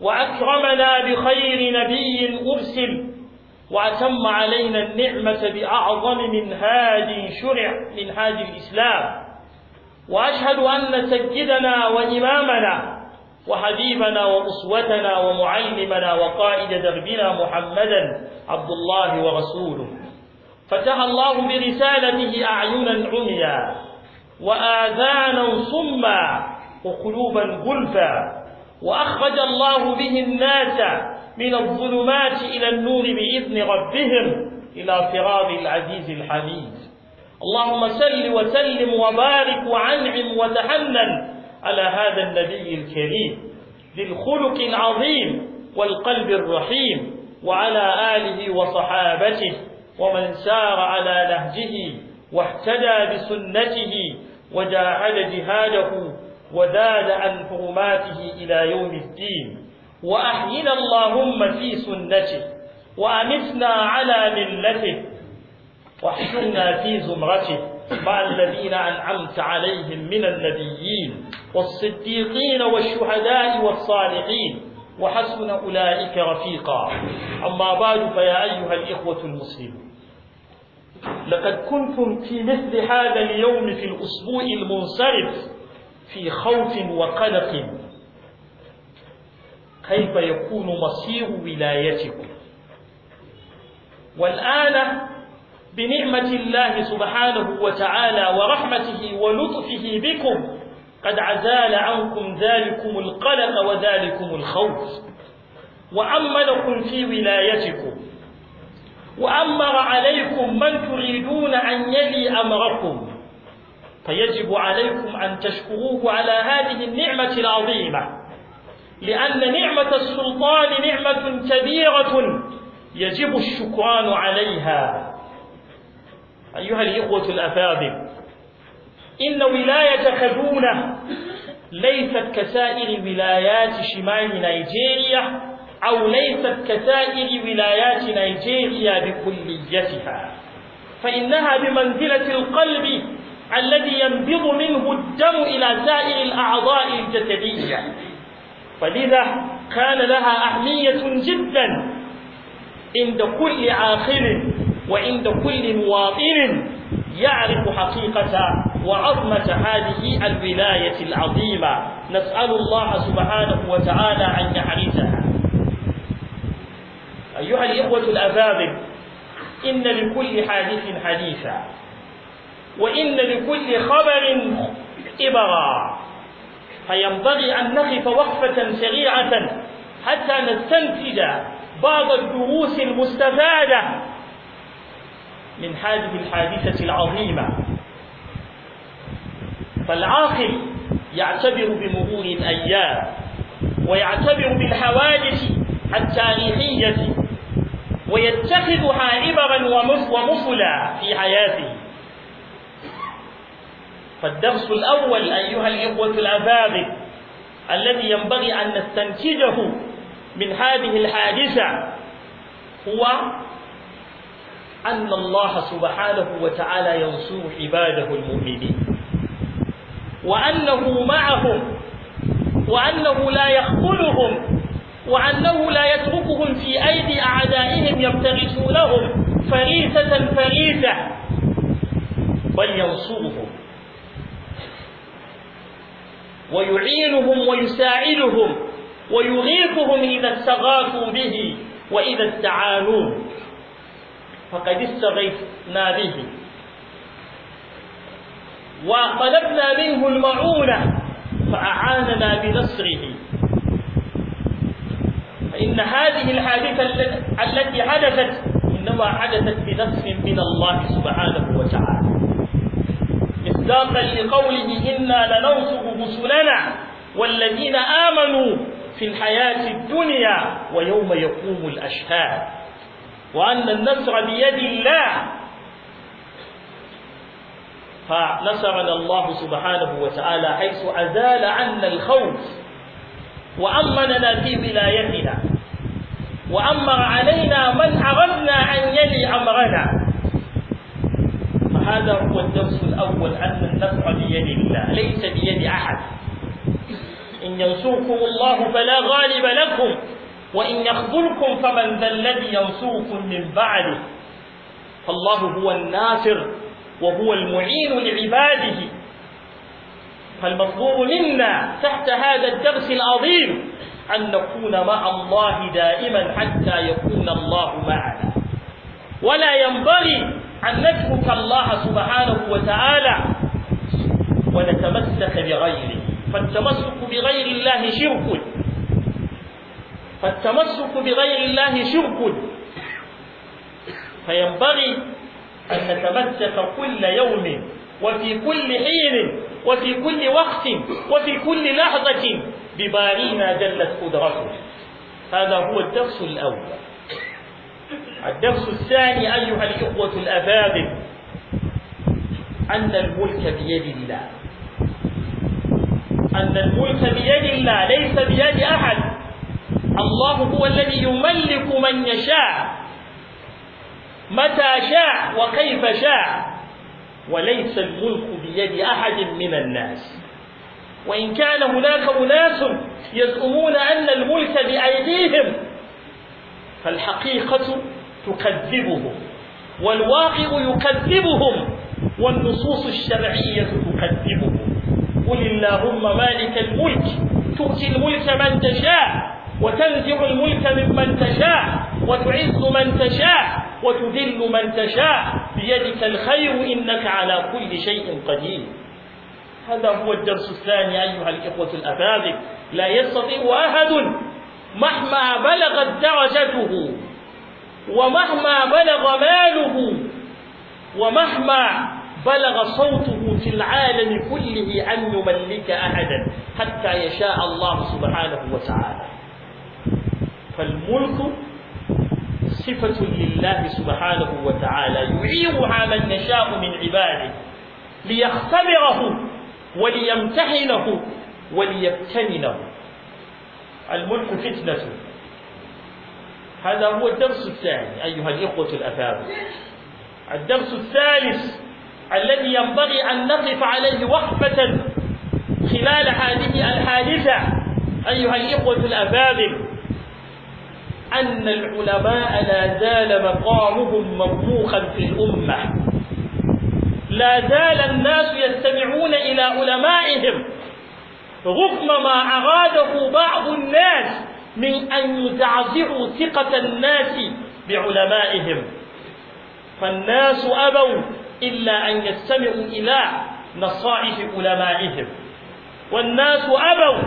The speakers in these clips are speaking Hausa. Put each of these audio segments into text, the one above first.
وأكرمنا بخير نبي أرسل وأتم علينا النعمة بأعظم منهاج شرع منهاج الإسلام وأشهد أن سيدنا وإمامنا وحبيبنا وأسوتنا ومعلمنا وقائد دربنا محمدا عبد الله ورسوله فتح الله برسالته أعينا عميا وآذانا صما وقلوبا غلفا وأخرج الله به الناس من الظلمات إلى النور بإذن ربهم إلى فراغ العزيز الحميد اللهم سل وسلم وبارك وعنعم وتحنن على هذا النبي الكريم ذي الخلق العظيم والقلب الرحيم وعلى آله وصحابته ومن سار على نهجه واهتدى بسنته وجاهد جهاده وزاد عن حرماته إلى يوم الدين وأحينا اللهم في سنته وأمتنا على ملته واحشرنا في زمرته مع الذين أنعمت عليهم من النبيين والصديقين والشهداء والصالحين وحسن أولئك رفيقا أما بعد فيا أيها الإخوة المسلمون لقد كنتم في مثل هذا اليوم في الأسبوع المنصرف في خوف وقلق كيف يكون مصير ولايتكم والآن بنعمة الله سبحانه وتعالى ورحمته ولطفه بكم قد عزال عنكم ذلكم القلق وذلكم الخوف وأمنكم في ولايتكم وأمر عليكم من تريدون أن يلي أمركم فيجب عليكم أن تشكروه على هذه النعمة العظيمة لأن نعمة السلطان نعمة كبيرة يجب الشكران عليها أيها الإخوة الأفاضل إن ولاية خزونة ليست كسائر ولايات شمال نيجيريا أو ليست كسائر ولايات نيجيريا بكليتها فإنها بمنزلة القلب الذي ينبض منه الدم إلى سائر الأعضاء الجسدية فلذا كان لها أهمية جدا عند كل عاقل وعند كل مواطن يعرف حقيقة وعظمة هذه الولاية العظيمة نسأل الله سبحانه وتعالى أن يحرسها أيها الإخوة الأفاضل إن لكل حادث حديثا وإن لكل خبر إبرا فينبغي أن نقف وقفة سريعة حتى نستنتج بعض الدروس المستفادة من هذه الحادثة العظيمة فالعاقل يعتبر بمرور الأيام ويعتبر بالحوادث التاريخية ويتخذها عبرا ومثلا في حياته فالدرس الأول أيها الإخوة الأبابل الذي ينبغي أن نستنتجه من هذه الحادثة هو أن الله سبحانه وتعالى ينصر عباده المؤمنين وأنه معهم وأنه لا يخذلهم وأنه لا يتركهم في أيدي أعدائهم يبتغسونهم فريسة فريسة بل ينصرهم ويعينهم ويساعدهم ويغيثهم إذا استغاثوا به وإذا استعانوه فقد استغيثنا به وطلبنا منه المعونة فأعاننا بنصره فإن هذه الحادثة التي حدثت إنما حدثت بنصر من الله سبحانه وتعالى مصداقا لقوله إنا لننصر رسلنا والذين آمنوا في الحياة الدنيا ويوم يقوم الأشهاد وأن النصر بيد الله فنصرنا الله سبحانه وتعالى حيث أزال عنا الخوف وأمننا في ولايتنا وأمر علينا من أردنا أن يلي أمرنا هذا هو الدرس الأول أن النصر بيد الله ليس بيد أحد إن ينصركم الله فلا غالب لكم وإن يخذلكم فمن ذا الذي ينصركم من بعده فالله هو الناصر وهو المعين لعباده فالمطلوب منا تحت هذا الدرس العظيم أن نكون مع الله دائما حتى يكون الله معنا ولا ينبغي أن نترك الله سبحانه وتعالى ونتمسك بغيره فالتمسك بغير الله شرك فالتمسك بغير الله شرك فينبغي أن نتمسك كل يوم وفي كل حين وفي كل وقت وفي كل لحظة ببارينا جلت قدرته هذا هو الدرس الأول الدرس الثاني أيها الإخوة الأفاضل أن الملك بيد الله أن الملك بيد الله ليس بيد أحد الله هو الذي يملك من يشاء متى شاء وكيف شاء وليس الملك بيد أحد من الناس وإن كان هناك أناس يزعمون أن الملك بأيديهم فالحقيقة تكذبهم والواقع يكذبهم والنصوص الشرعية تكذبهم قل اللهم مالك الملك تؤتي الملك من تشاء وتنزع الملك ممن تشاء وتعز من تشاء وتذل من تشاء بيدك الخير إنك على كل شيء قدير هذا هو الدرس الثاني أيها الإخوة الأفاضل لا يستطيع أحد مهما بلغت درجته ومهما بلغ ماله ومهما بلغ صوته في العالم كله أن يملك أحدا حتى يشاء الله سبحانه وتعالى فالملك صفة لله سبحانه وتعالى يعيرها من يشاء من عباده ليختبره وليمتحنه وليبتننه الملك فتنة هذا هو الدرس الثاني أيها الإخوة الأفاضل الدرس الثالث الذي ينبغي أن نقف عليه وقفة خلال هذه الحادثة أيها الإخوة الأفاضل أن العلماء لا زال مقامهم مرموقا في الأمة لا زال الناس يستمعون إلى علمائهم رغم ما أراده بعض الناس من أن يزعزعوا ثقة الناس بعلمائهم فالناس أبوا إلا أن يستمعوا إلى نصائح علمائهم والناس أبوا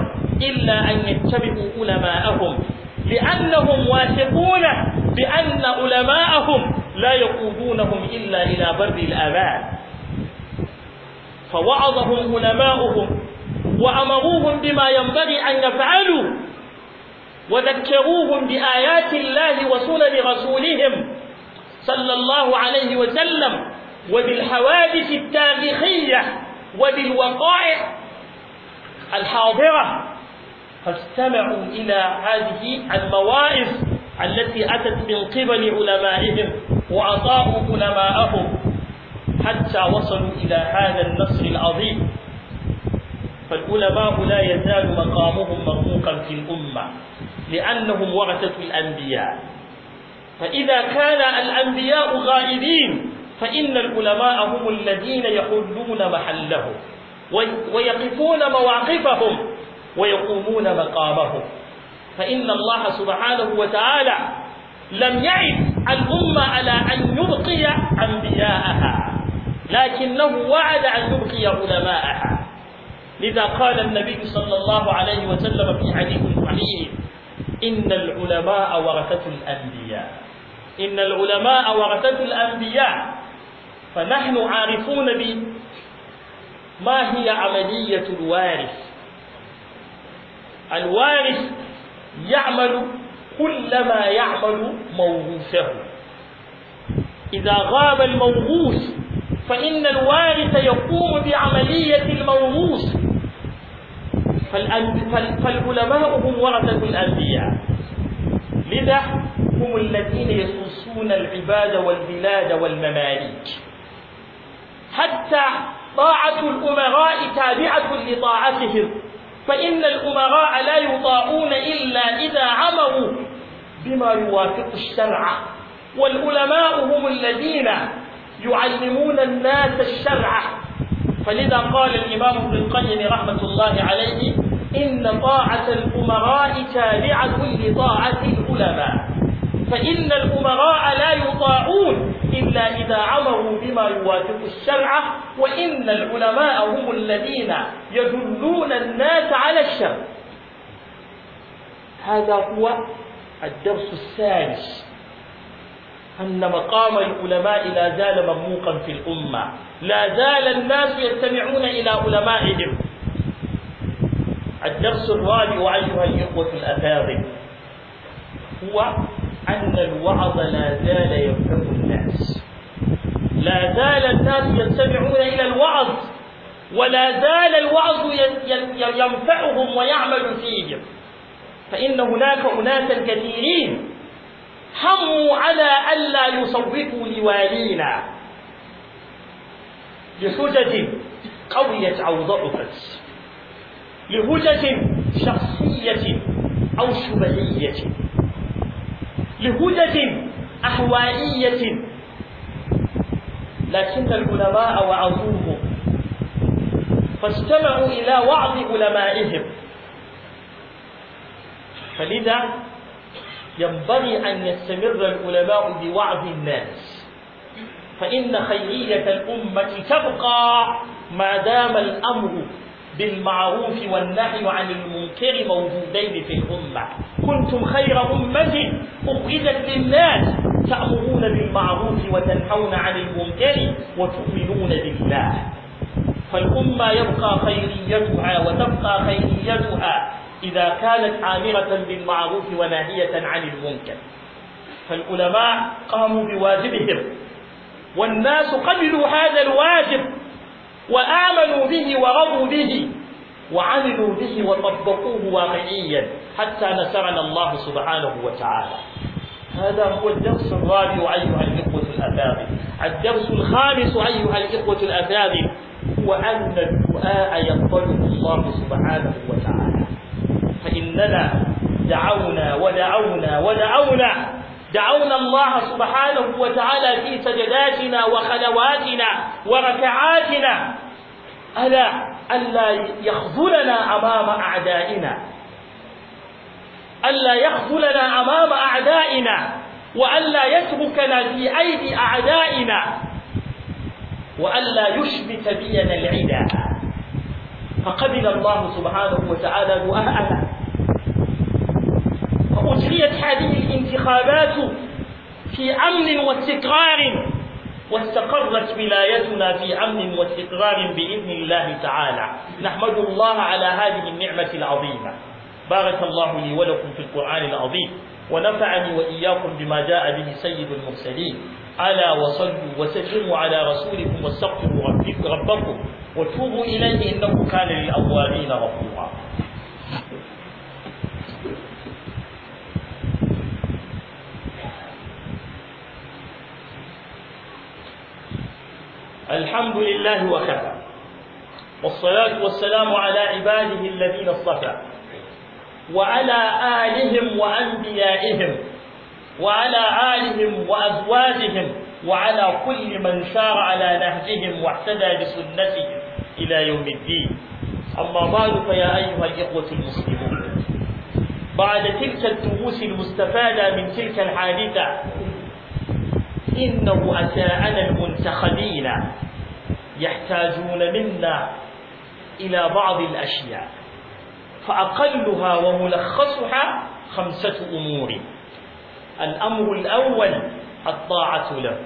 إلا أن يتبعوا علماءهم لأنهم واثقون بأن علماءهم لا يقودونهم إلا إلى بر الآباء فوعظهم علماؤهم وأمروهم بما ينبغي أن يفعلوا وذكروهم بآيات الله وسنن رسولهم صلى الله عليه وسلم وبالحوادث التاريخية وبالوقائع الحاضرة فاستمعوا إلى هذه المواعظ التي أتت من قبل علمائهم وأطاعوا علماءهم حتى وصلوا إلى هذا النصر العظيم فالعلماء لا يزال مقامهم مرموقا في الأمة لأنهم ورثة الأنبياء فإذا كان الأنبياء غائبين فإن العلماء هم الذين يحلون محلهم ويقفون مواقفهم ويقومون مقامهم فإن الله سبحانه وتعالى لم يعد الأمة على أن يبقي أنبياءها لكنه وعد أن يبقي علماءها لذا قال النبي صلى الله عليه وسلم في حديث صحيح إن العلماء ورثة الأنبياء إن العلماء ورثة الأنبياء فنحن عارفون بما هي عملية الوارث الوارث يعمل كل ما يعمل موروثه إذا غاب الموروث فإن الوارث يقوم بعملية الموروث فالعلماء هم ورثة الأنبياء لذا هم الذين يسوسون العباد والبلاد والمماليك حتى طاعة الأمراء تابعة لطاعتهم فإن الأمراء لا يطاعون إلا إذا عمروا بما يوافق الشرع والعلماء هم الذين يعلمون الناس الشرع فلذا قال الإمام ابن القيم رحمة الله عليه إن طاعة الأمراء تابعة لطاعة العلماء فإن الأمراء لا يطاعون إلا إذا عمروا بما يوافق الشرع وإن العلماء هم الذين يدلون الناس على الشر هذا هو الدرس الثالث أن مقام العلماء لا زال مرموقا في الأمة لا زال الناس يستمعون إلى علمائهم الدرس الرابع أيها الإخوة الأفاضل هو أن الوعظ لا زال ينفع الناس لا زال الناس يستمعون إلى الوعظ ولا زال الوعظ ينفعهم ويعمل فيهم فإن هناك أناسا كثيرين هموا على ألا يصوتوا لوالينا لحجج قويت أو ضعفت لهجج شخصية أو شبهية لهجج احوائيه لكن العلماء وعظوهم فاجتمعوا إلى وعظ علمائهم فلذا ينبغي أن يستمر العلماء بوعظ الناس فإن خيرية الأمة تبقى ما دام الأمر بالمعروف والنهي عن المنكر موجودين في الأمة كنتم خير أمة أخذت للناس تأمرون بالمعروف وتنهون عن المنكر وتؤمنون بالله فالأمة يبقى خيريتها وتبقى خيريتها إذا كانت عامرة بالمعروف وناهية عن المنكر فالعلماء قاموا بواجبهم والناس قبلوا هذا الواجب وآمنوا به ورضوا به وعملوا به وطبقوه واقعيا حتى نسرنا الله سبحانه وتعالى هذا هو الدرس الرابع أيها الإخوة الأفاضل الدرس الخامس أيها الإخوة الأفاضل هو أن الدعاء يقبله الله سبحانه وتعالى فإننا دعونا ودعونا ودعونا دعونا الله سبحانه وتعالى في سجداتنا وخلواتنا وركعاتنا ألا ألا يخذلنا أمام أعدائنا ألا يخذلنا أمام أعدائنا وألا يتركنا في أيدي أعدائنا وألا يشبك بينا العدا فقبل الله سبحانه وتعالى دعاءنا أجريت هذه الانتخابات في أمن واستقرار واستقرت ولايتنا في أمن واستقرار بإذن الله تعالى نحمد الله على هذه النعمة العظيمة بارك الله لي ولكم في القرآن العظيم ونفعني وإياكم بما جاء به سيد المرسلين ألا وصلوا وسلموا على رسولكم واستغفروا ربكم وتوبوا إليه إنه كان للأوابين غفورا الحمد لله وكفى والصلاة والسلام على عباده الذين اصطفى وعلى آلهم وأنبيائهم وعلى آلهم وأزواجهم وعلى كل من سار على نهجهم واحتدى بسنتهم إلى يوم الدين أما بعد فيا أيها الإخوة المسلمون بعد تلك الدروس المستفادة من تلك الحادثة إنه أساءنا المنتخب يحتاجون منا إلى بعض الأشياء فأقلها وملخصها خمسة أمور الأمر الأول الطاعة له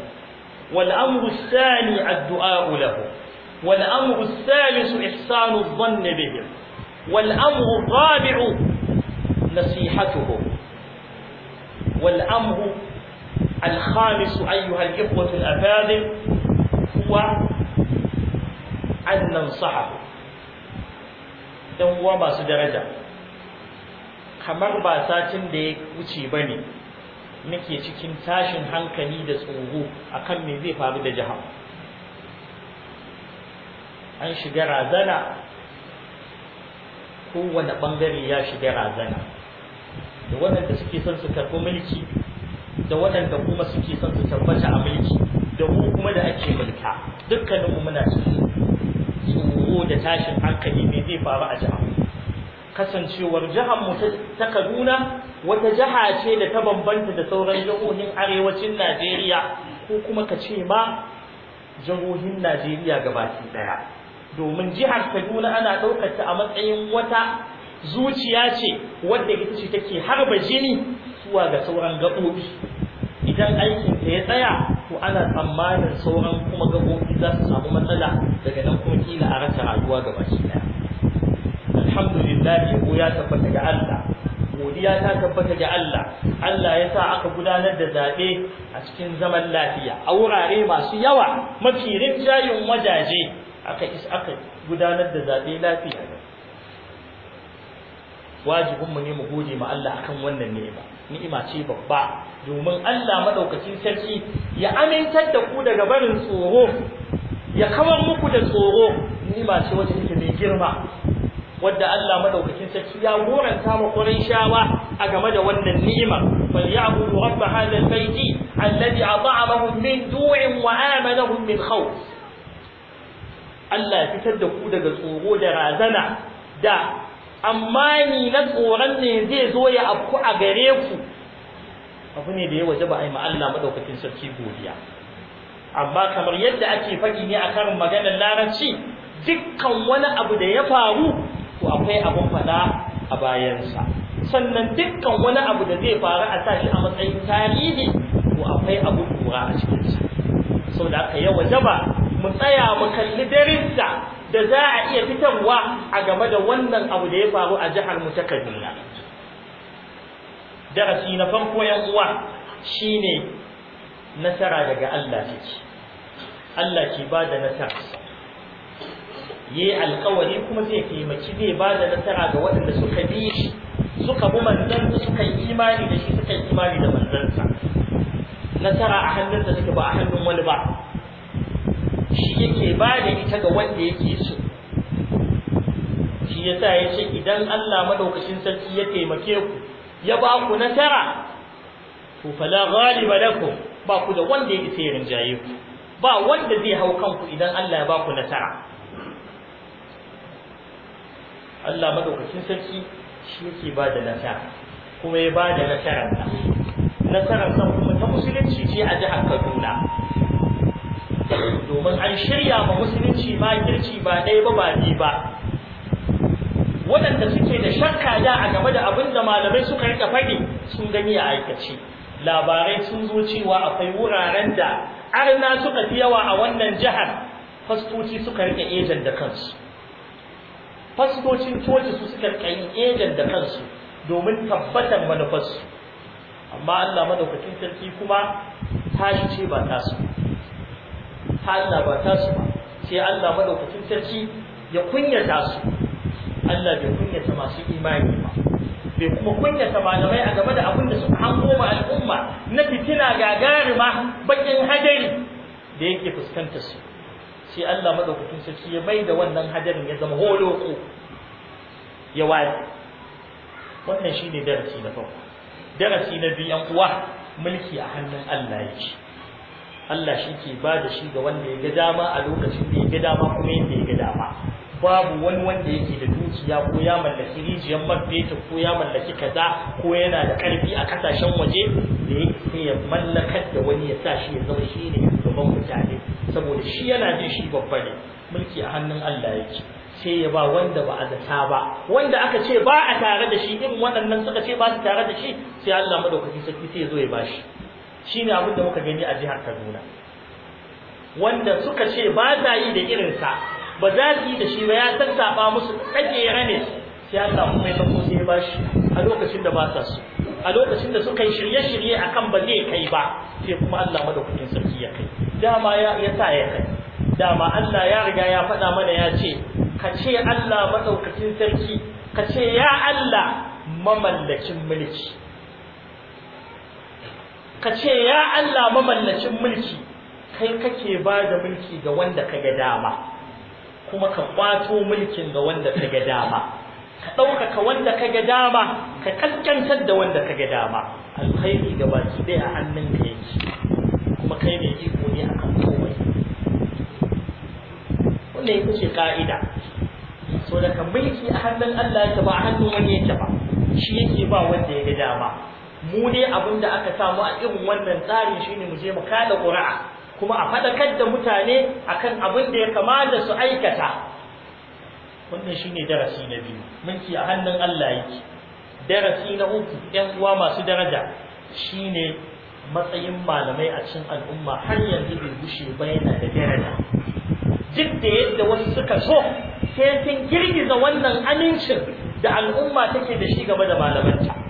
والأمر الثاني الدعاء له والأمر الثالث إحسان الظن بهم والأمر الرابع نصيحتهم والأمر الخامس أيها الإخوة الأفاضل هو annan saha dan uwa masu daraja kamar ba satin da ya wuce bane nake cikin tashin hankali da tsoro kan me zai faru da jihar an shiga razana kowane bangare ya shiga razana da waɗanda suke son su karɓi mulki da waɗanda kuma suke son su tabbata a mulki da mu kuma da ake mulka dukkaninmu muna cikin tsoro da tashin hankali ne zai faru a jiha kasancewar jihar mu ta Kaduna wata jiha ce da ta bambanta da sauran jihohin arewacin Najeriya ko kuma ka ce ma jihohin Najeriya gabaki daya domin jihar Kaduna ana ɗaukar a matsayin wata zuciya ce wadda ita ce take harba jini zuwa ga sauran gaɓoɓi idan aikinta ya tsaya to ana tsammanin sauran kuma gabobi za su samu matsala daga nan kuma kila a rasa rayuwa ga baki daya alhamdulillah ko ya tabbata ga Allah godiya ta tabbata ga Allah Allah ya sa aka gudanar da zaɓe a cikin zaman lafiya a wurare masu yawa mafi rinjayin wajaje aka gudanar da zaɓe lafiya wajibinmu ne mu gode ma Allah akan wannan ni'ima ni'ima ce babba domin Allah madaukakin sarki ya amintar da ku daga barin tsoro ya kawar muku da tsoro ni'ima ce wacce take mai girma wadda Allah madaukakin sarki ya goranta ma shawa a game da wannan ni'ima fal ya'budu rabb hadha al-bayti alladhi at'amahum min du'in wa amanahum min khawf Allah ya fitar da ku daga tsoro da razana da amma ni na tsoron ne zai zo ya afku a gare ku abu ne da ya waje ba a yi ma'alla Allah sarki godiya amma kamar yadda ake faɗi ne a karin maganar larabci dukkan wani abu da ya faru to akwai abin faɗa a bayansa sannan dukkan wani abu da zai faru a tashi a matsayin tarihi ko akwai abu kura a cikinsa Sau da aka yawa jaba mu tsaya mu kalli darinsa da za a iya fitarwa a game da wannan abu da ya faru a jihar mu ta Kaduna darasi na farko yan uwa shine nasara daga Allah take Allah ke ba da nasara yayi alƙawari kuma zai taimaki zai ba da nasara ga waɗanda suka bi shi suka bi manzon suka yi imani da shi suka yi imani da manzansa nasara a hannunsa take ba a hannun wani ba shi yake ba da ita ga wanda yake so shi ya sa ya ce idan Allah madaukakin sarki ya taimake ku ya ba ku nasara to fala ghaliba lakum ba ku da wanda yake sai rinjaye ku ba wanda zai hau kanku idan Allah ya ba ku nasara Allah madaukakin sarki shi yake ba da nasara kuma ya ba da nasarar nan nasarar nan kuma ta musulunci ce a jihar Kaduna domin an shirya ma musulunci ma kirci ba ɗaya ba ba biyu ba waɗanda suke da shakka da a game da abin da malamai suka rika faɗi sun gani a aikace labarai sun zo cewa akwai wuraren da arna suka fi yawa a wannan jihar fastoci suka rika ejan da kansu fastocin coci su suka rika yin ejan da kansu domin tabbatar manufarsu amma Allah madaukakin sarki kuma shi ce ba ta tasu ta Allah ba ta su ba sai Allah madaukakin sarki ya kunyata su Allah bai kunyata masu imani ba bai kuma kunyata malamai a game da abin da suka hango ma al'umma na fitina gagarima bakin hadari da yake fuskanta su sai Allah madaukakin sarki ya bai da wannan hadarin ya zama holoko ya wani wannan shine darasi na farko darasi na biyan uwa mulki a hannun Allah yake Allah shi ke ba da shi ga wanda ya ga dama a lokacin da ya ga dama kuma yadda ya ga dama babu wani wanda yake da dukiya ko ya mallaki rijiyar mafeta ko ya mallaki kaza ko yana da karfi a kasashen waje da yake ya mallakar da wani ya sa shi ya zama shi ne gaban mutane saboda shi yana jin shi babba ne mulki a hannun Allah yake sai ya ba wanda ba a zata ba wanda aka ce ba a tare da shi irin waɗannan suka ce ba su tare da shi sai Allah madaukaki sarki sai ya zo ya bashi shine abin da muka gani a jihar Kaduna wanda suka ce ba za yi da irinsa ba za su yi da shi ba ya tattaba musu tsakera ne sai Allah kuma ya sako sai ya bashi a lokacin da ba sa su a lokacin da suka yi shirye-shirye akan ba zai kai ba sai kuma Allah madaukakin sarki ya kai dama ya ya sa ya kai dama Allah ya riga ya faɗa mana ya ce ka ce Allah madaukakin sarki ka ce ya Allah mamallakin mulki ka ce ya Allah mamallacin mulki kai kake ba da mulki ga wanda ka ga dama kuma ka kwato mulkin ga wanda ka ga dama ka ɗaukaka wanda ka ga dama ka kaskantar da wanda ka ga dama alkhairi ga baki ɗaya a hannun ka yake kuma kai mai iko ne akan komai wannan ita ce ka'ida so daga mulki a hannun Allah yake ba a hannun wani yake ba shi yake ba wanda ya ga dama mu dai abin da aka samu a irin wannan tsarin shine mu je mu kada ƙuri'a kuma a faɗakar da mutane akan abin da ya kamata su aikata wannan shine darasi na biyu mulki a hannun Allah yake darasi na uku ƴan uwa masu daraja shine matsayin malamai a cikin al'umma har yanzu bai gushe ba yana da daraja duk da yadda wasu suka so sai sun girgiza wannan amincin da al'umma take da shi game da malamanta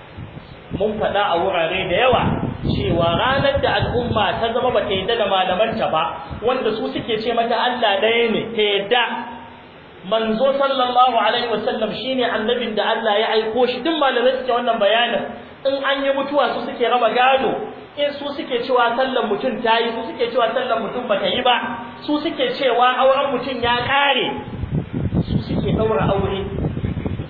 mun faɗa a wurare da yawa cewa ranar da al'umma ta zama ba ta yadda da malamanta ba wanda su suke ce mata Allah ɗaya ne ta yadda manzo sallallahu alaihi wasallam shine annabin da Allah ya aiko shi duk malamai suke wannan bayanin in an yi mutuwa su suke raba gado in su suke cewa sallan mutum ta yi su suke cewa sallan mutum ba ta yi ba su suke cewa auren mutum ya ƙare su suke ɗaura aure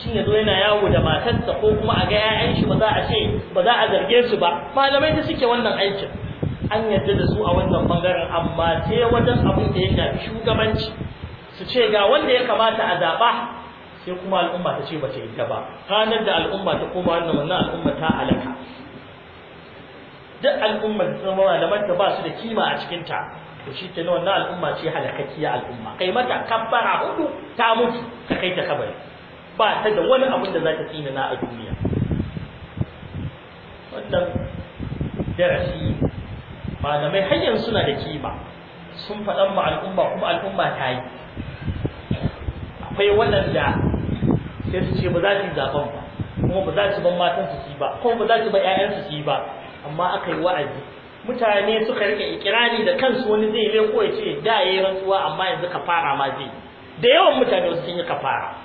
mutum ya zo yana yawo da matarsa ko kuma a ga 'ya'yan shi ba za a ce ba za a zarge su ba malamai da suke wannan aikin an yarda da su a wannan bangaren amma sai wajen abin da ya shafi shugabanci su ce ga wanda ya kamata a zaɓa sai kuma al'umma ta ce ba ta yadda ba ranar da al'umma ta koma wannan wannan al'umma ta alaka duk al'ummar da zama malaman da ba su da kima a cikinta ta to shi ke wannan al'umma ce halakakkiya al'umma kai mata kabbara hudu ta mutu ka kai ta kabari ba ta da wani abin da za ta na a duniya wannan darasi malamai hanyar suna da kima sun faɗan ma al'umma kuma al'umma ta yi akwai waɗanda sai su ce ba za su yi zaɓen ba kuma ba za su ban matan su ba kuma ba za su ba 'ya'yan su ba amma aka yi wa'azi mutane suka rike ikirari da kansu wani zai leko ya ce da yi rantsuwa amma yanzu ka fara ma zai da yawan mutane wasu sun yi kafara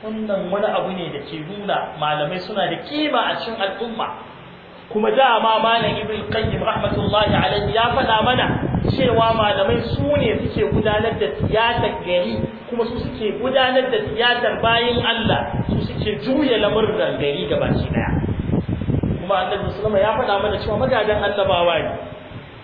wannan wani abu ne da ke nuna malamai suna da kima a cikin al'umma kuma dama malam ibn qayyim rahmatullahi alaihi ya faɗa mana cewa malamai su ne suke gudanar da tiyatar gari kuma su suke gudanar da tiyatar bayan Allah su suke juya lamurran gari gabaci daya kuma annabi sallama ya faɗa mana cewa magadan annabawa ne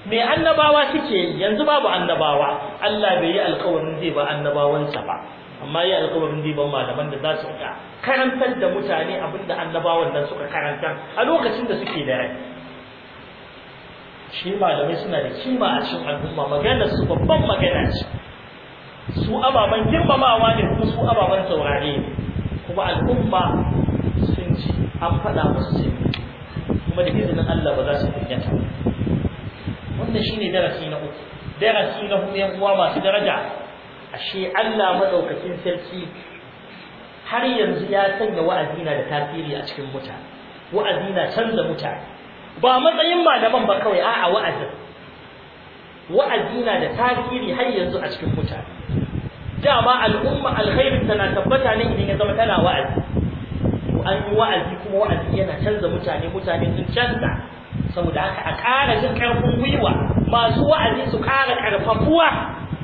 me annabawa suke yanzu babu annabawa Allah bai yi alƙawarin zai ba annabawansa ba amma yi alkawarin ribar malaman da za su ka karantar da mutane abin da annabawan nan suka karantar a lokacin da suke da rai shi malamai suna da kima a cikin al'umma maganar su babban magana ce su ababen girmamawa ne kuma su ababen saurare ne kuma al'umma sun ci an faɗa musu sun kuma da izinin Allah ba za su kunyata wannan shine darasi na uku darasi na huɗu yan uwa masu daraja ashe Allah madaukakin sarki har yanzu ya sanya wa'azi na da tasiri a cikin mutane wa'azi na canza mutane ba matsayin malaman ba kawai a'a wa'azin wa'azi na da tasiri har yanzu a cikin mutane Da ma al'umma alkhairin tana tabbata ne idan ya zama tana wa'azi to an yi wa'azi kuma wa'azi yana canza mutane mutane sun canza saboda haka a ƙara jin ƙarfin gwiwa masu wa'azi su ƙara ƙarfafuwa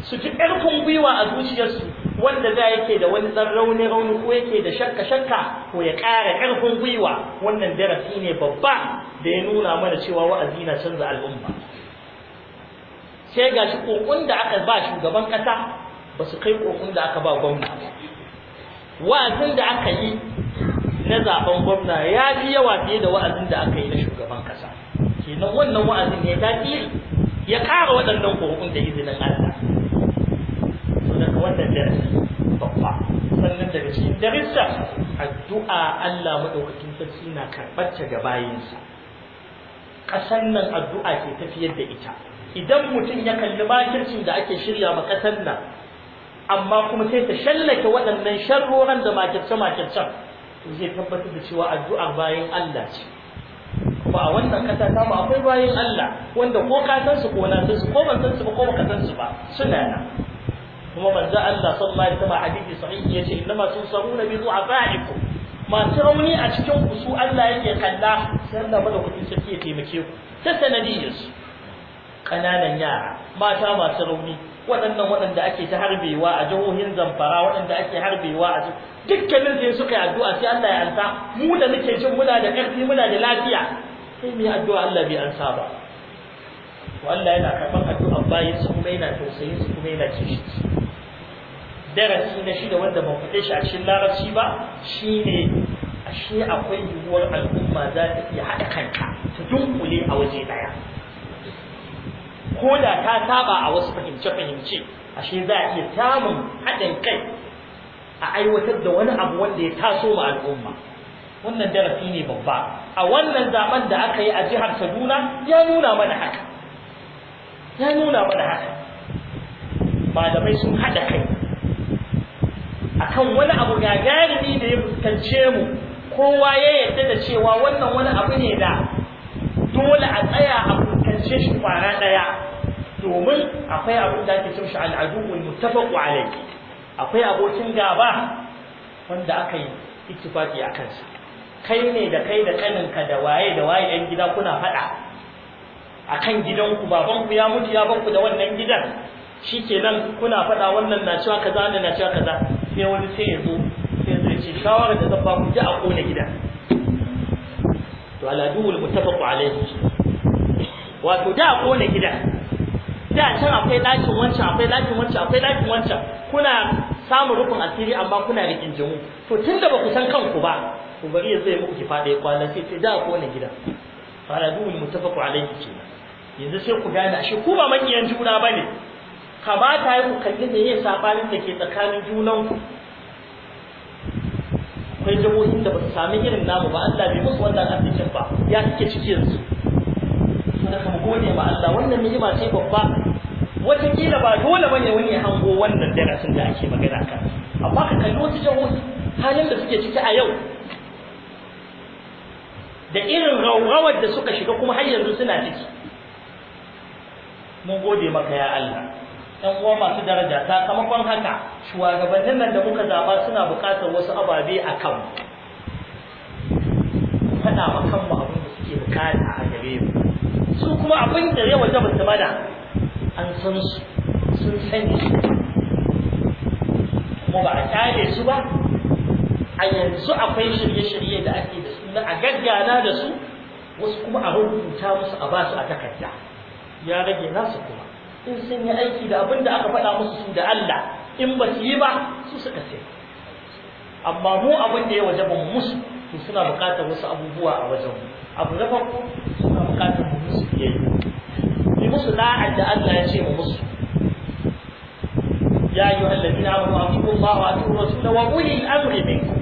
su ji ƙarfin gwiwa a zuciyarsu wanda za yake da wani ɗan rauni rauni ko yake da shakka shakka ko ya ƙara ƙarfin gwiwa wannan darasi ne babba da ya nuna mana cewa wa'azi na canza al'umma sai ga shi ƙoƙon da aka ba shugaban ƙasa ba su kai ƙoƙon da aka ba gwamna wa'azin da aka yi na zaben gwamna ya fi yawa fiye da wa'azin da aka yi na shugaban ƙasa kenan wannan wa'azin ya tasiri ya ƙara waɗannan ƙoƙon da izinin Allah wannan darasi babba sannan daga cikin darissa addu'a Allah madaukakin sarki na karɓar ta ga bayinsa ƙasar nan addu'a ke tafiyar da ita idan mutum ya kalli makircin da ake shirya ma ƙasar nan amma kuma sai ta shallake waɗannan sharroran da makirce-makircen zai tabbatar da cewa addu'ar bayan Allah ce ba a wannan kasa ta akwai bayan Allah wanda ko ka san su ko na san su ko ban san su ba ko ba ka san su ba suna nan kuma manzo Allah sallallahu alaihi wasallam hadisi sahihi yace innama tusaruna bi du'afaikum masu rauni a cikin ku su Allah yake kalla sai Allah kuɗi sai ya taimake ku ta sanadiyarsu kananan yara mata masu rauni waɗannan waɗanda ake ta harbewa a jihohin zamfara waɗanda ake harbewa a dukkanin sai suka yi addu'a sai Allah ya ansa mu da muke jin muna da ƙarfi muna da lafiya sai mu yi addu'a Allah bai ansa ba to Allah yana karɓar addu'a bayan su kuma yana tausayin su kuma yana kishi darasi na shida wanda ban faɗe shi a cikin larabci ba shine ashe akwai yiwuwar al'umma za ta iya haɗa kanta ta dunkule a waje ɗaya ko da ta saba a wasu fahimce-fahimce ashe za a iya samun haɗin kai a aiwatar da wani abu wanda ya taso ma al'umma wannan darasi ne babba a wannan zaben da aka yi a jihar Kaduna ya nuna mana haka ya nuna mana haka malamai sun haɗa kai akan wani abu gagarumi da ya fuskance mu kowa ya yarda da cewa wannan wani abu ne da dole a tsaya a fuskance shi kwana daya domin akwai abin da ake cin shi al'adu mai muttafaqu alayhi akwai abokin gaba wanda aka yi ittifaqi akan kansa. kai ne da kai da kaninka da waye da waye yan gida kuna faɗa akan gidanku babanku ya mutu ya banku da wannan gidan shikenan kuna faɗa wannan na cewa kaza wannan na cewa kaza sai wani sai ya zo sai zai ce shawarar da zan ba ku ji a kona gida to aladuwul mutafaqu alaihi wato da a kona gida da can akwai ɗakin wancan akwai ɗakin wancan akwai ɗakin wancan kuna samun rufin asiri amma kuna rikin jimu to tun da ba ku san kanku ba ku bari ya zai muku ki faɗa ya kwana sai ce da a kona gida aladuwul mutafaqu alaihi yanzu sai ku gane shi ku ba makiyan juna bane ba ta yi kukalli da yin sabanin da ke tsakanin junan ku akwai jihohin da ba su sami irin namu ba Allah bai musu wannan arzikin ba ya suke cikin su da kuma gode ma Allah wannan ni'ima ce babba kila ba dole bane wani ya hango wannan darasin da ake magana kan amma ka kalli wasu jihohi halin da suke ciki a yau da irin rawar da suka shiga kuma har yanzu suna ciki mun gode maka ya Allah ɗan uwa masu daraja sakamakon haka shugabannin nan da muka zaba suna buƙatar wasu ababe a kan faɗa ma kanmu abin da suke buƙata a gare mu su kuma abin da yawa da bata mana an san su sun sani kuma ba a kyale su ba a yanzu akwai shirye-shirye da ake da su a gaggana da su wasu kuma a rubuta musu a basu a takarda ya rage nasu kuma in sun yi aiki da abin da aka faɗa musu su da Allah in ba su yi ba su suka sai amma mu abin da ya waje ba musu to suna buƙatar wasu abubuwa a wajen abu na farko suna buƙatar mu musu biyayya yi musu da'ar da Allah ya ce mu musu ya yi wa allazina amanu abu Allah wa atiqu da wa uli al-amri minkum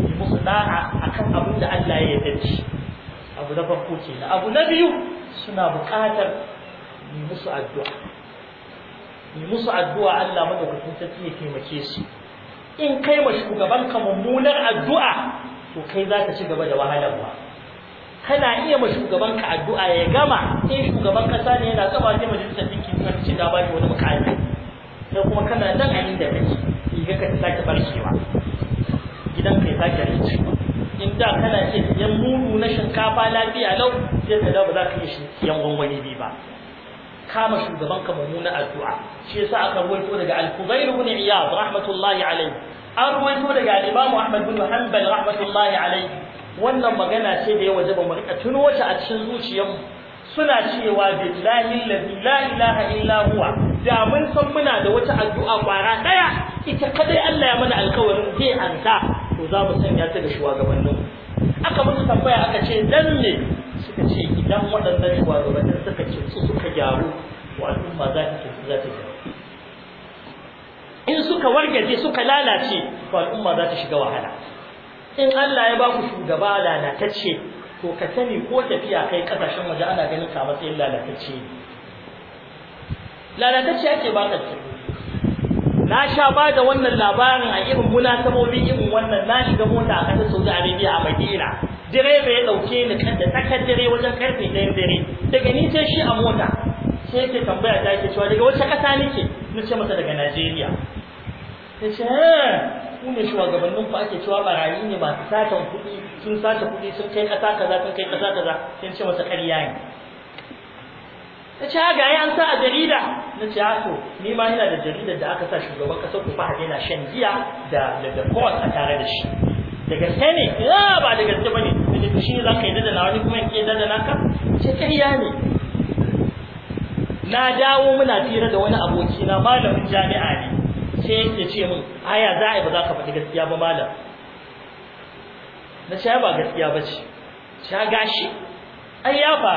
yi musu da'a akan abin da Allah ya yarda shi abu na farko kenan abu na biyu suna buƙatar yi musu addu'a yi musu addu'a Allah madaukakin sarki ya taimake su in kai ma shugabanka mummunar addu'a to kai za ka ci gaba da wahalar ba kana iya ma shugabanka addu'a ya gama in shugaban kasa ne yana gaba sai majalisar dinkin duniya ta ce wani mukami sai kuma kana nan a inda kake riga ka ta sake barkewa gidan ka ya sake rinci in da kana iya yan mudu na shinkafa lafiya lau sai ka da ba za ka iya siyan gwangwani biyu ba kama shugaban ka mummuna addu'a shi yasa aka ruwaito daga al kubayr ibn Iyad rahmatullahi alayhi an ruwaito daga imam Ahmad ibn Hanbal rahmatullahi alayhi wannan magana ce da ya wajaba mu rika tuno ta a cikin zuciyarmu suna cewa billahi la ilaha illa huwa da mun san muna da wata addu'a kwara daya ita kadai Allah ya mana alƙawarin zai anta to za mu sanya ta ga shugabannin aka musu tambaya aka ce dan ne suka ce idan waɗannan shugabannin suka su suka gyaru wa al'umma za ta kinsu za ta gyaru in suka wargaje suka lalace to al'umma za ta shiga wahala in Allah ya ba ku shugaba lalatacce to ka sani ko tafiya kai kasashen waje ana ganin ka matsayin lalatacce lalatacce ake ba ka na sha ba da wannan labarin a irin munasabobin irin wannan na shiga mota a ƙasar Saudi Arabia a Madina direba ya dauke ni kan da tsakar dare wajen karfe ɗayan dare daga ni sai shi a mota sai yake tambaya ta yake cewa daga wace ƙasa nake na ce masa daga Najeriya ta ce eh, ku ne shugabannin ku ake cewa barayi ne masu satan kuɗi sun sace kuɗi sun kai ƙasa kaza sun kai ƙasa kaza sai ce masa ƙarya ne ta ce ah, ga yi an sa a jarida na ce ah, to ni ma yana da jaridar da aka sa shugaban ƙasar ku fa yana shan jiya da da a tare da shi daga gaske ne eh, ba da gaske ne. ce to za ka yi da na wani kuma in ke da naka ce ne na dawo muna tira da wani aboki na malamin jami'a ne sai yake ce min aya za a yi ba za ka faɗi gaskiya ba malam na sha ba gaskiya ba ce sha gashi ai ya ba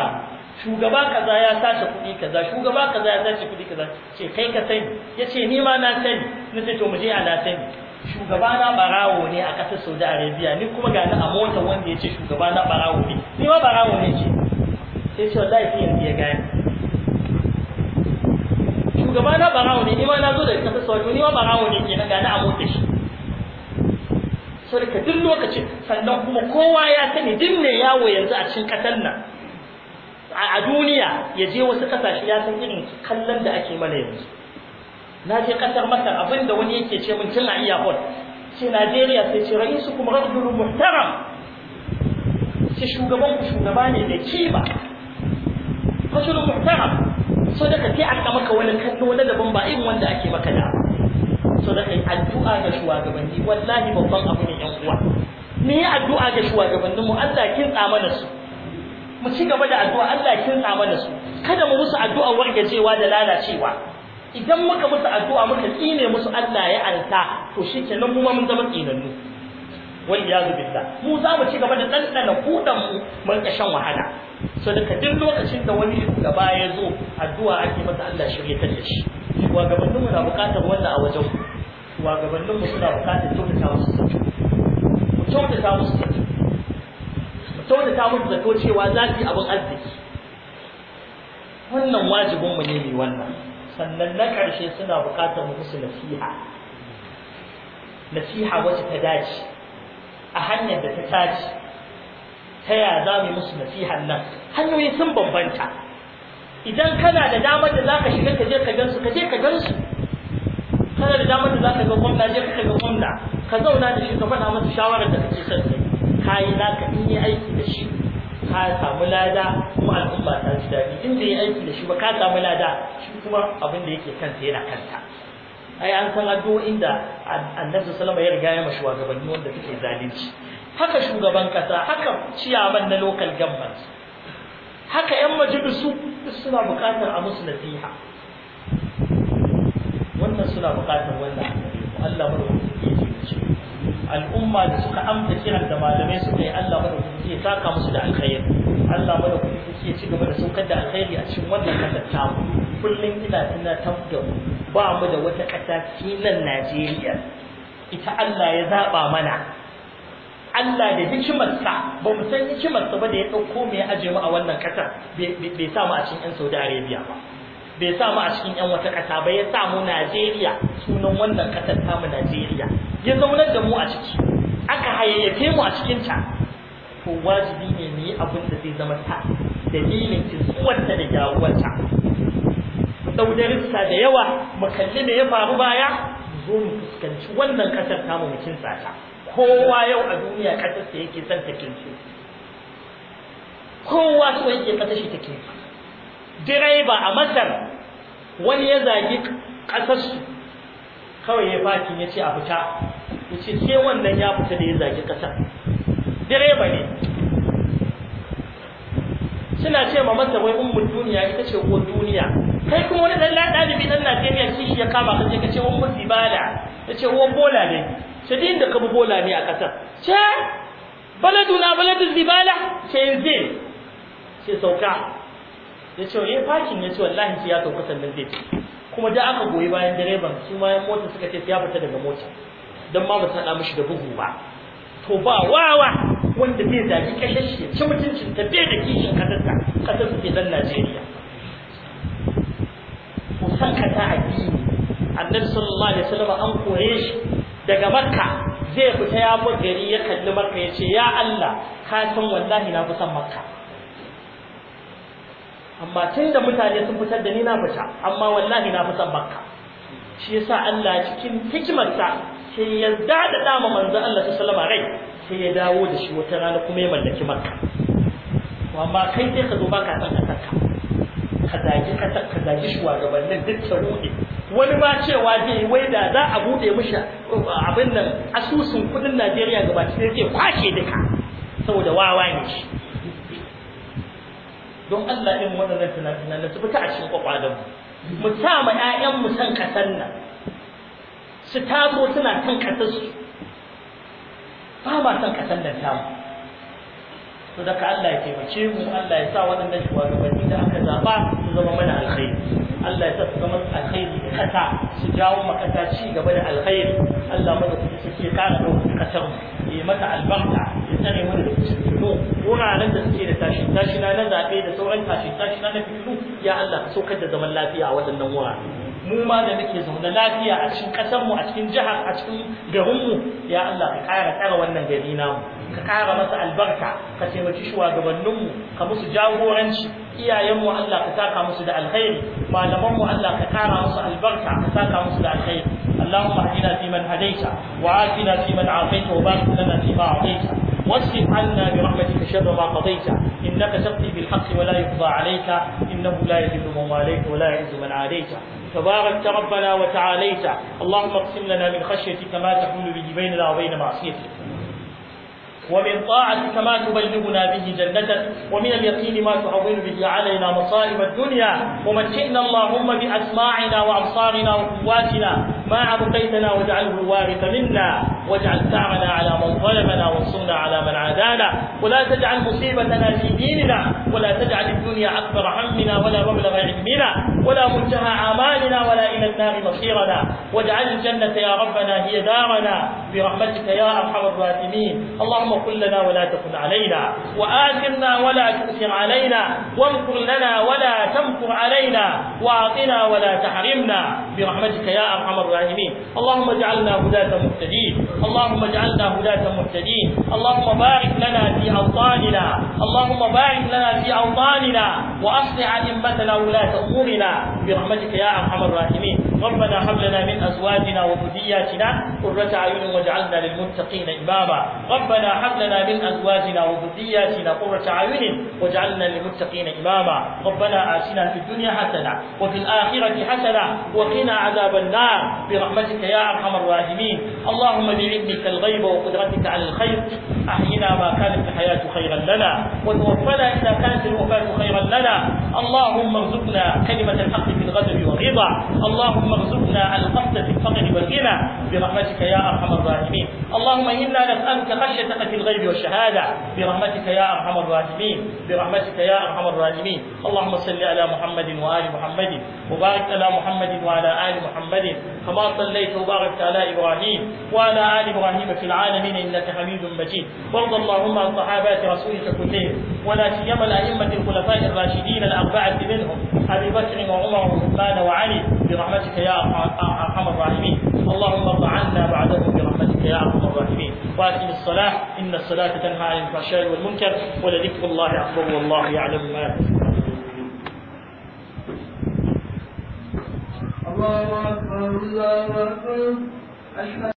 shugaba kaza ya sace kuɗi kaza shugaba kaza ya sace kuɗi kaza ce kai ka sani ya ce ni ma na sani na ce to mu je a na sani Shugaba na barawo ne a ƙasar saudi arabia ni kuma ga ni a mota wanda ya ce na barawo ne ni ma barawo ne ce sai ce wallahi sai yanzu ya gane na barawo ne ni ma na zo da ƙasar saudi ni ma barawo ne na ga ni a mota shi saboda duk lokacin sannan kuma kowa ya sani duk ne yawo yanzu a cikin kasar nan a duniya ya je wasu ƙasashe ya san irin kallon da ake mana yanzu na je kasar masar abinda wani yake ce min tun a hol. ce najeriya sai ce ra'isu kuma rajulun muhtaram ce shugaban ku shugaba ne da kima rajulun muhtaram so da sai an maka wani kallo na daban ba irin wanda ake maka da so kai addu'a ga shugabanni wallahi babban abu ne yan uwa me yi addu'a ga mu Allah kin tsama su mu ci gaba da addu'a Allah kin tsama su kada mu musu addu'a wargajewa da lalacewa idan muka musu addu'a muka tsine musu Allah ya alta to shikenan mu kuma mun zama tsinannu wal ya billah mu za mu ci gaba da ɗanɗana kudan mu mun shan wahala so duka duk lokacin da wani shugaba ya zo addu'a ake masa Allah shirye ta da shi shugabannin mu na bukatar wannan a wajen shugabannin mu suna bukatar kyautata musu mu kyautata musu zato mu kyautata musu zato cewa za su yi abin arziki wannan wajibin mu ne mai wannan sannan na ƙarshe suna buƙatar musu nasiha nasiha wacce ta dace a hanyar da ta tace ta ya za mu musu nasihan nan hanyoyi sun bambanta idan kana da damar da za ka shiga ka je ka gansu ka je ka gansu kana da damar da za ka ga gwamna je ka ga gwamna ka zauna da shi ka faɗa masa shawarar da kake son kai ka yi yi aiki da shi ka samu lada kuma al'umma ta ji daɗi in yi aiki da shi ba ka samu lada shi kuma abin da yake kansa yana kanta ai an san addu'o'in da annabi sallama ya riga ya mashi shugabanni wanda suke zalunci haka shugaban kasa haka ciyaman na local government haka yan majalisu suna buƙatar a musu nasiha wannan suna buƙatar wannan Allah mu al'umma da suka amsa kiran da malamai suka yi Allah madaukaki ya saka musu da alkhairi Allah madaukaki ya ci gaba da saukar da alkhairi a cikin wannan kasar tamu kullum ina tunatar da ba mu da wata ƙasa kilan Najeriya ita Allah ya zaba mana Allah da hikimarsa ba mu san hikimarsa ba da ya ɗauko mai aje mu a wannan ƙasar bai sa mu a cikin 'yan Saudi Arabia ba bai sa mu a cikin 'yan wata ƙasa ba ya sa mu Najeriya sunan wannan ƙasar mu Najeriya ya zaunar da mu a ciki aka hayayyafe mu a cikinta to wajibi ne mu yi abin da zai zama ta dalilin tsuwarta da gyaruwarta mu da yawa mu kalli me ya faru baya zo mu fuskanci wannan ƙasar tamu mu cikin kowa yau a duniya kasar ta yake son ta kinsu kowa so yake kasar shi take direba a masar wani ya zagi ƙasarsu kawai ya fakin ya ce a fita ya ce sai wannan ya fita da ya zage ƙasa direba ne suna ce ma mata wai ummul duniya ita ce uwar duniya kai kuma wani dan ɗalibi dan Najeriya shi ya kama ka ce ka ce ummul ibala ya ce uwar bola ne sai din da ka bi bola ne a ƙasar ce baladuna baladul zibala ce yanzu ce sauka ya ce ya eh, fakin ya ce wallahi sai ya sauka sannan zai kuma da aka goyi bayan direban su ma motar suka ce ya fita daga motar don ma ba ta da mishi da bugu ba to ba wawa wanda zai zaki kashashi ya ci mutuncin ta bai da kishin kasarta kasar su ke nan Najeriya ku san ka ta addini annabi sallallahu alaihi wasallam an kore shi daga makka zai fita ya bar gari ya kalli makka ya ce ya Allah ka san wallahi na kusan makka amma tun da mutane sun fitar da ni na fita amma wallahi na fi makka shi yasa Allah cikin hikimarsa sai ya dada dama manzo Allah sallallahu rai sai ya dawo da shi wata rana kuma ya mallaki makka amma kai sai ka zo baka san tsaka ka zagi tsaka ka zagi shugabannin duk ta rude wani ma cewa zai wai da za a bude mishi uh, abin nan asusun kudin Najeriya gaba sai zai kwashe duka saboda wawa ne shi don Allah ɗin waɗannan tunanin da su fita a cikin kwakwalan mu mu sa ma 'ya'yan mu san kasar nan su taso suna kan ƙasar su ba ma san ƙasar da tamu Allah ya taimace mu Allah ya sa waɗannan shuwagabanni da aka zaɓa su zama mana alkhairi Allah ya sa su zama alkhairi a ƙasa su jawo makasa ci gaba da alkhairi Allah mana kuma suke ƙara ɗaukar ƙasar mu ya mata albarka ya tsare mana da fitinu wuraren da suke da tashin tashina na zaɓe da sauran tashin tashina na fitinu ya Allah ka saukar da zaman lafiya a waɗannan wurare mu ma da nake zaune lafiya a cikin ƙasar mu a cikin jihar a cikin garin mu ya Allah ka kara tsara wannan gari na mu ka kara masa albarka ka taimaki shugabannin mu ka musu jagoranci iyayen mu Allah ka saka musu da alkhairi malaman mu Allah ka kara musu albarka ka saka musu da alkhairi اللهم اهدنا فيمن هديت وعافنا فيمن عافيت وبارك لنا فيما اعطيت واصرف عنا برحمتك شر ما قضيت انك تقضي بالحق ولا يقضى عليك انه لا يذل من واليت ولا يعز من عاديت تباركت ربنا وتعاليت اللهم اقسم لنا من خشيتك ما تحول به بيننا وبين معصيتك ومن طاعتك ما تبلغنا به جنتك ومن اليقين ما تهون به علينا مصائب الدنيا ومتئنا اللهم بأسماعنا وأبصارنا وقواتنا ما عطيتنا واجعله الوارث منا واجعل ثعرنا على من ظلمنا وانصرنا على من عادانا ولا تجعل مصيبتنا في ديننا ولا تجعل الدنيا أكبر همنا ولا مبلغ علمنا ولا منتهى اعمالنا ولا إلى النار مصيرنا واجعل الجنة يا ربنا هي دارنا برحمتك يا أرحم الراحمين اللهم قل لنا ولا تكن علينا وآثرنا ولا تؤثر علينا وامكر لنا ولا تمكر علينا وأعطنا ولا تحرمنا برحمتك يا أرحم الراحمين الراحمين اللهم اجعلنا هداة مهتدين اللهم اجعلنا هداة مهتدين اللهم بارك لنا في أوطاننا اللهم بارك لنا في أوطاننا وأصلح أئمتنا ولاة أمورنا برحمتك يا أرحم الراحمين ربنا هب لنا من أزواجنا وذرياتنا قرة أعين واجعلنا للمتقين إماما ربنا هب لنا من أزواجنا وذرياتنا قرة أعين واجعلنا للمتقين إماما ربنا آتنا في الدنيا حسنة وفي الآخرة حسنة وقنا عذاب النار برحمتك يا أرحم الراحمين اللهم بعلمك الغيب وقدرتك على الخير أحينا ما كانت الحياة خيرا لنا وتوفنا إذا كانت الوفاة خيرا لنا اللهم ارزقنا كلمة الحق في الغدر والرضا اللهم ارزقنا القصد في الفقر والغنى برحمتك يا أرحم الراحمين اللهم إنا نسألك خشيتك في الغيب والشهادة برحمتك يا أرحم الراحمين برحمتك يا أرحم الراحمين اللهم صل على محمد وآل محمد وبارك على محمد وعلى آل محمد كما صليت وباركت على إبراهيم وعلى آل إبراهيم في العالمين إنك حميد مجيد وارض اللهم عن صحابات رسولك كلهم ولا سيما الأئمة الخلفاء الراشدين الأربعة منهم أبي بكر وعمر وعثمان وعلي برحمتك يا أرحم الراحمين اللهم ارض عنا بعدهم برحمتك يا أرحم الراحمين واتم الصلاة إن الصلاة تنهى عن الفحشاء والمنكر ولذكر الله أكبر والله يعلم ما يفعلون اللہ اللہ اکبر اچھا